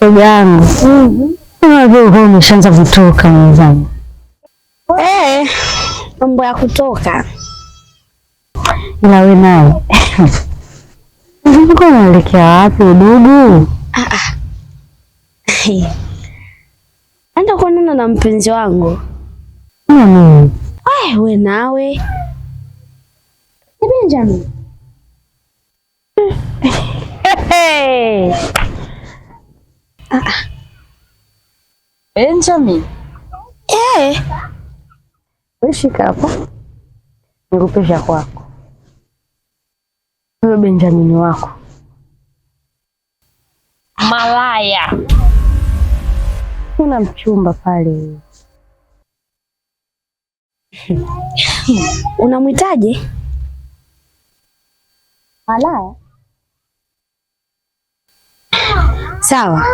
shoga yangu, unajua umeshaanza kutoka mwenzangu. Eh, mambo ya kutoka ila we nayo unaelekea wapi dudu? Ah, ah. Enda kuonana na mpenzi wangu nani? Eh, we nawe Benjamin eh. Benjamin. Eh. Wewe shika hapo. Nikupe vya kwako. Wewe Benjamin wako. Malaya. Kuna mchumba pale. Unamwitaje? Malaya. Sawa.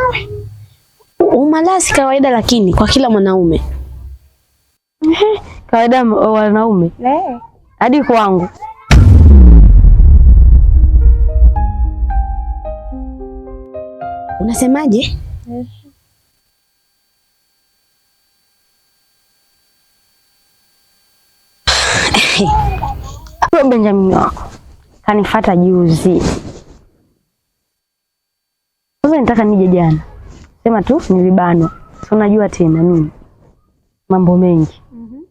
Umalaya si kawaida, lakini kwa kila mwanaume kawaida wanaume eh. hadi kwangu. Unasemaje? Huyo Benjamin wako kanifata juzi, sasa nitaka nije jana sema tu nilibanwa, si unajua tena mimi mambo mengi mm -hmm.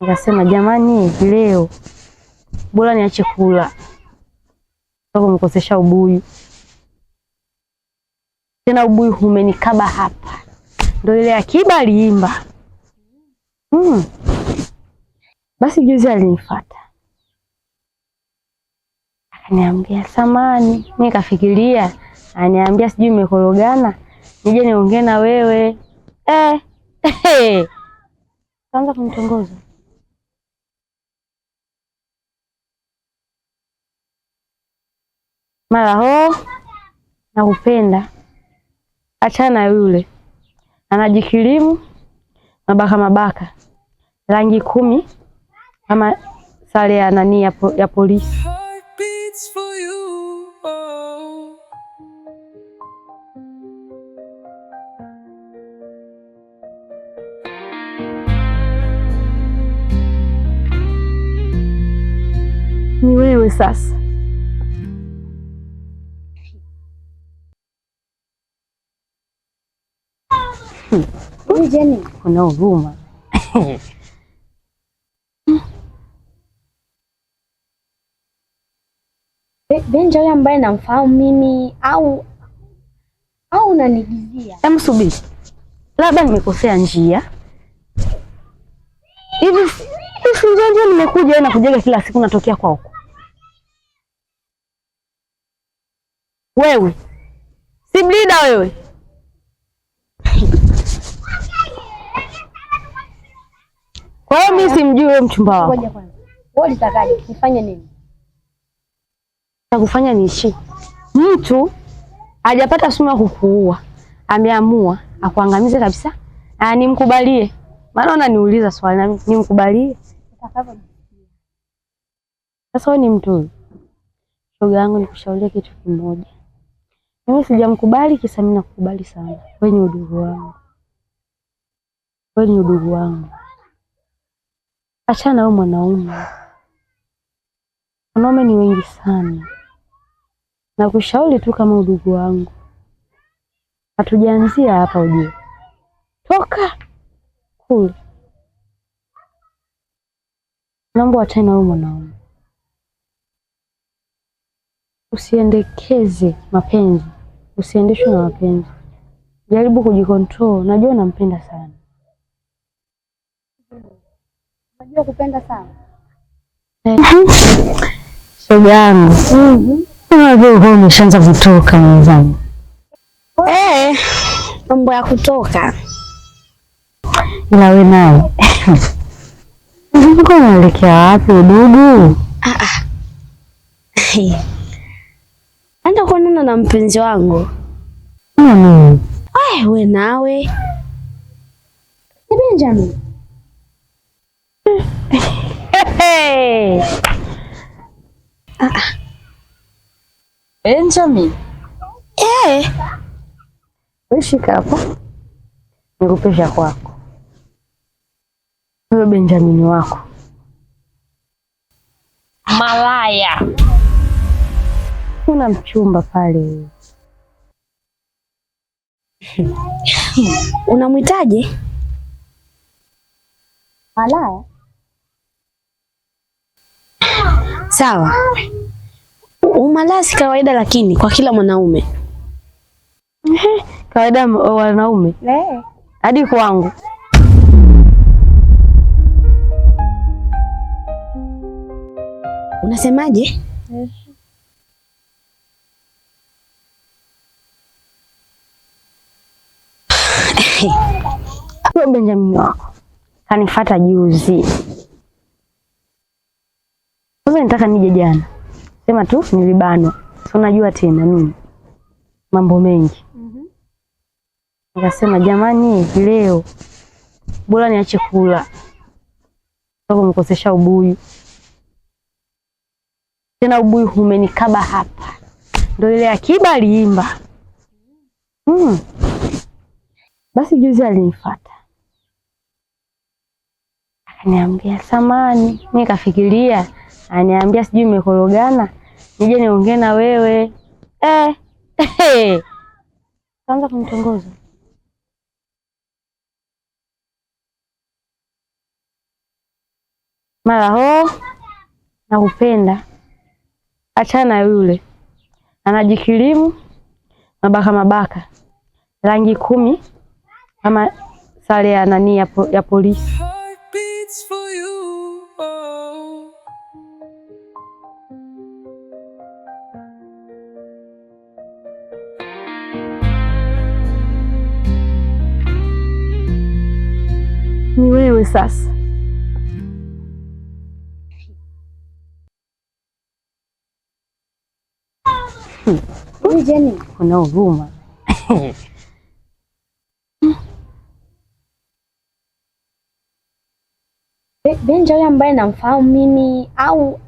Nikasema jamani, leo bora niache kula kumkosesha ubuyu tena, ubuyu umenikaba hapa, ndo ile Akiba aliimba mm. Basi juzi alinifuata akaniambia samani, nikafikiria aniambia sijui mmekorogana, nije niongee na wewe eh. Hey. Eh. Kaanza kumtongoza mara ho, nakupenda. Achana yule anajikirimu mabaka mabaka rangi kumi kama sare ya nani ya polisi. ni wewe sasa. Jeni, kuna huruma Benja yule ambaye namfahamu mimi au au unanigizia? Hebu subiri, labda nimekosea njia hivi Njanja nimekuja na kujaga kila siku natokea kwa huko. Wewe si wewe, kwa hiyo mimi simjui wewe mchumba wako. Ngoja kwanza, wewe utakaje? Nifanye nini? Nakufanya niishi. Mtu hajapata sumu ya kukuua, ameamua akuangamize kabisa, nimkubalie? Maana unaniuliza swali na nimkubalie? utakavyojisikia. Sasa wewe ni mtu shoga yangu, nikushauria kitu kimoja. Mimi sijamkubali kisa mimi nakukubali sana. Wewe ni udugu wangu, wewe ni udugu wangu. Achana wewe mwanaume, wanaume ni wengi sana. Nakushauri tu kama udugu wangu, hatujaanzia hapa ujue, toka kule Naomba wachane na huyu mwanaume, usiendekeze mapenzi, usiendeshwe na mapenzi. Jaribu kujikontrol, najua unampenda sana. Najua kupenda sana eh. shoga yangu, mhm. unajua umeshaanza kutoka mwenzangu, eh, mambo ya kutoka, ila we nawe Mzunguko unaelekea wapi dugu? Ah ah. Enda kuonana na mpenzi wangu. Nani? Ai, we nawe. Ni Benjamin. Eh. Ah ah. Benjamin. Eh. Wewe shika hapo. Nikupe kwako wewe Benjamini wako malaya, una mchumba pale unamwitaje? Malaya? Sawa, umalaya si kawaida, lakini kwa kila mwanaume kawaida. Wanaume hadi kwangu Unasemaje? Huyo Benjamin wako kanifata juzi, sasa nitaka nije jana, sema tu nilibanwa. Si unajua tena mimi mambo mengi nikasema jamani, leo bora niache kula, mkosesha ubuyu tena ubuyu umenikaba hapa, ndo ile Akiba aliimba mm. Basi juzi alinifuata akaniambia samani, nikafikiria aniambia sijui mekorogana nije niongee na wewe eh. Eh, kaanza kumtongoza mara ho nakupenda achana yule, anajikirimu mabaka mabaka rangi kumi ama sare ya nani ya, po, ya polisi. Oh. Ni wewe sasa. Jeni, kuna huruma Benja huyo ambaye namfahamu mimi au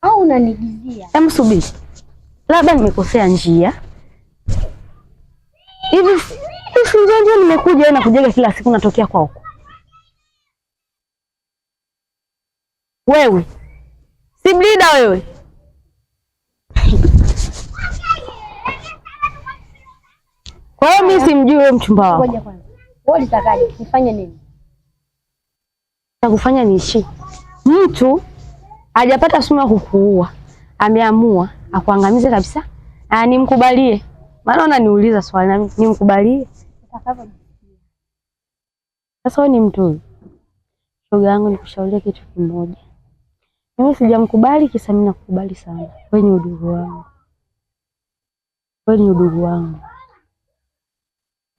au unanigizia? Hebu subiri, labda nimekosea njia hivi. Si njia ndio nimekuja, nakujega kila siku, natokea kwa huko. Wewe si wewe Kwa hiyo mimi simjui wewe mchumba wako. Ngoja kwanza. Wewe utakaje? Nifanye nini? Nitakufanya niishi. Mtu hajapata sumu ya kukuua. Ameamua akuangamize kabisa. Ah, nimkubalie. Maana unaniuliza swali nami nimkubalie. Sasa wewe ni mtu huyu. Shoga yangu nikushauria kitu kimoja. Mimi sijamkubali kisa mimi nakukubali sana. Wewe ni udugu wangu. Wewe ni udugu wangu.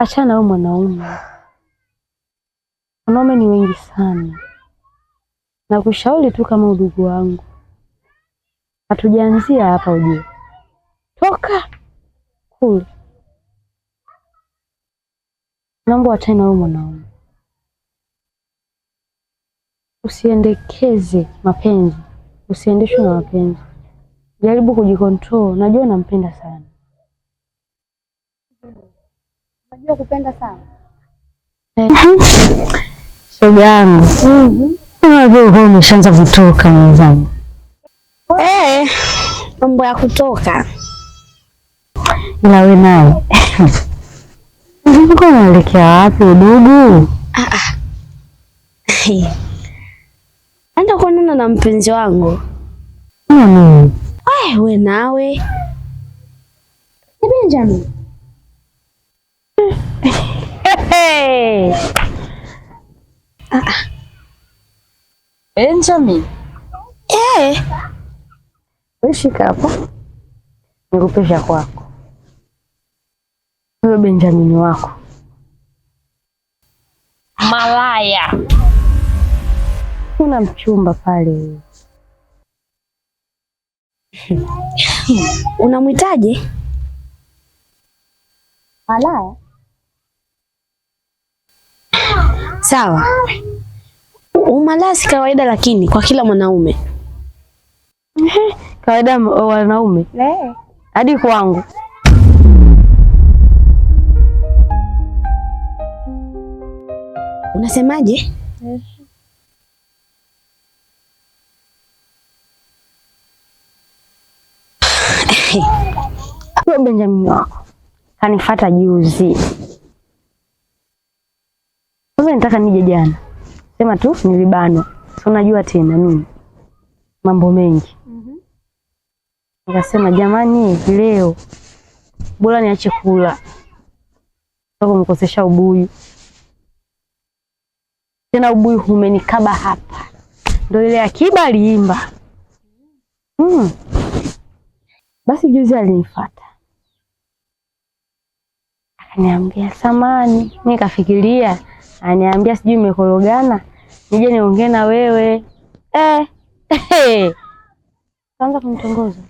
Achana wewe mwanaume, wanaume ni wengi sana. Nakushauri tu kama udugu wangu, hatujaanzia hapa ujue, toka kule. Naomba achana wewe mwanaume, usiendekeze mapenzi, usiendeshwe na mapenzi, jaribu kujikontrol. Najua nampenda sana Unajua kupenda sana shoga yangu, mhm. unajua umeshaanza kutoka mwenzangu, eh, mambo ya kutoka ila we naye unaelekea wapi udugu ah, ah. Enda kuonana na mpenzi wangu eh, wewe nawe Benjamin. Benjamin. Eh. Wewe shika hapo. Nikupe vya kwako. Wewe Benjamin wako. Malaya. Una mchumba pale. Unamwitaje? Malaya. Sawa, umalaya si kawaida, lakini kwa kila mwanaume kawaida wanaume hadi kwangu. Unasemaje? Benjamin wako kanifata juzi nataka nije jana, sema tu nilibanwa. So unajua tena mimi mambo mengi mm -hmm. Nikasema jamani, leo bora niache kula kumkosesha ubuyu tena, ubuyu umenikaba hapa, ndo ile Akiba aliimba mm. Basi juzi alinifuata akaniambia samani, nikafikiria Aniambia sijui mmekorogana, nije niongee na wewe eh. Hey. Eh. Kaanza kumtongoza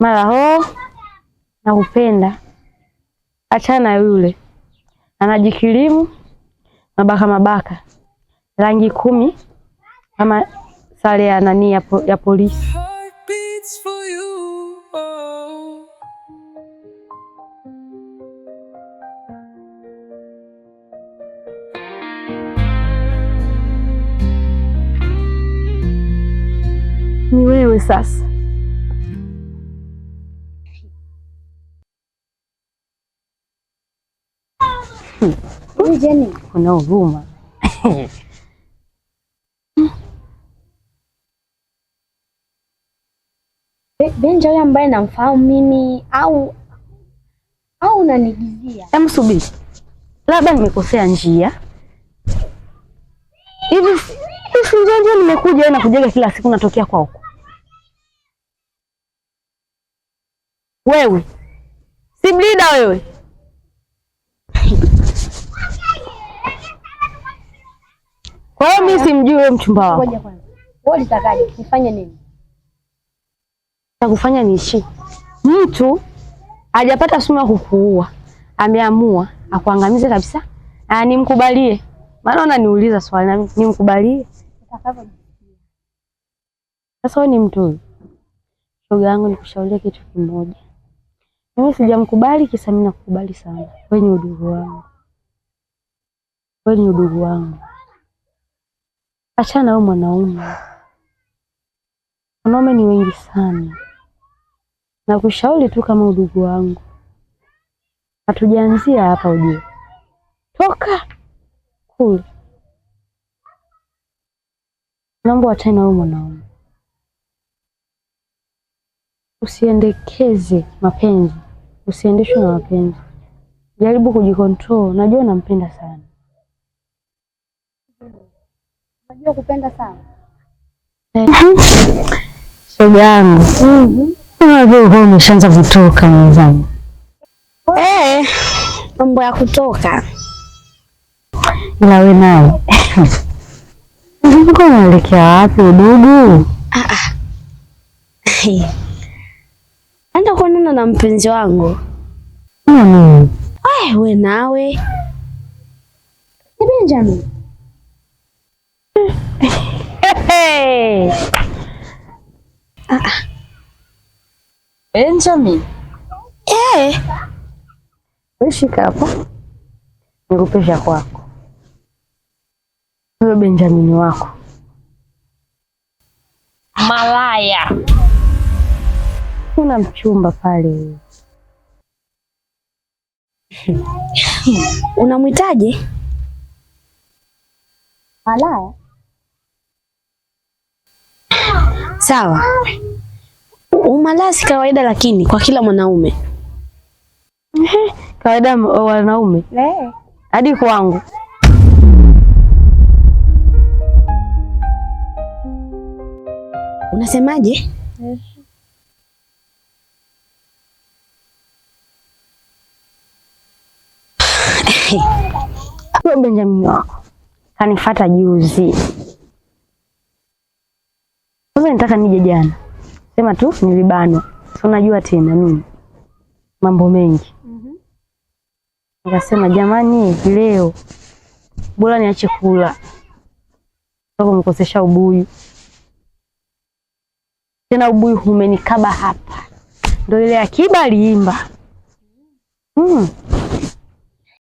mara ho, nakupenda. Achana yule anajikirimu mabaka mabaka rangi kumi kama sare ya nani ya, po, ya polisi. ni wewe sasa. Jeni, kuna uvuma Benja huyo ambaye namfahamu mimi au au unanigizia? Hebu subiri, labda nimekosea njia hivi. Sinjanja nimekuja nakujega kila siku, natokea kwa huko Wewe si mlida wewe. Kwa hiyo mimi simjui wewe mchumba wako. Ngoja kwanza. Wewe Nifanye nini? Nitakufanya niishi. Mtu hajapata sumu ya kukuua, ameamua akuangamize kabisa. Ah, nimkubalie. Maana unaniuliza swali na mimi nimkubalie. Sasa wewe ni mtu. Shoga yangu nikushauri kitu kimoja. Mimi sijamkubali kisa mimi nakukubali sana. Wewe ni udugu wangu, wewe ni udugu wangu. Achana wewe mwanaume, wanaume ni wengi sana. Nakushauri tu kama udugu wangu, hatujaanzia hapa ujue. Toka kule, naomba wachane na wewe mwanaume, usiendekeze mapenzi Usiendeshwe na wapenzi jaribu kujikontrol. Najua unampenda sana, najua kupenda sana eh. shoga yangu. Mhm. Unajua uko umeshaanza kutoka mwenzangu, eh, mambo ya kutoka, ila wewe naye uko unaelekea wapi dudu? Ah, ah anda kuonana na mpenzi wangu. Mm. Ay, we nawe Benjamin. Eh, Benjamin. Eh. Wewe shika hapo. Nikupesha kwako. Wewe Benjamin wako. Malaya kuna mchumba pale. Unamwitaje? Malaya? Sawa, umalaya si kawaida, lakini kwa kila mwanaume kawaida wanaume hadi kwangu. Unasemaje? huyo Benjamin wako kanifata juzi, sasa nitaka nije jana, sema tu nilibanwa. Si unajua tena mimi mambo mengi mhm. nikasema jamani, leo bora niache kula kumkosesha ubuyu tena, ubuyu humenikaba hapa, ndo ile Akiba aliimba mm.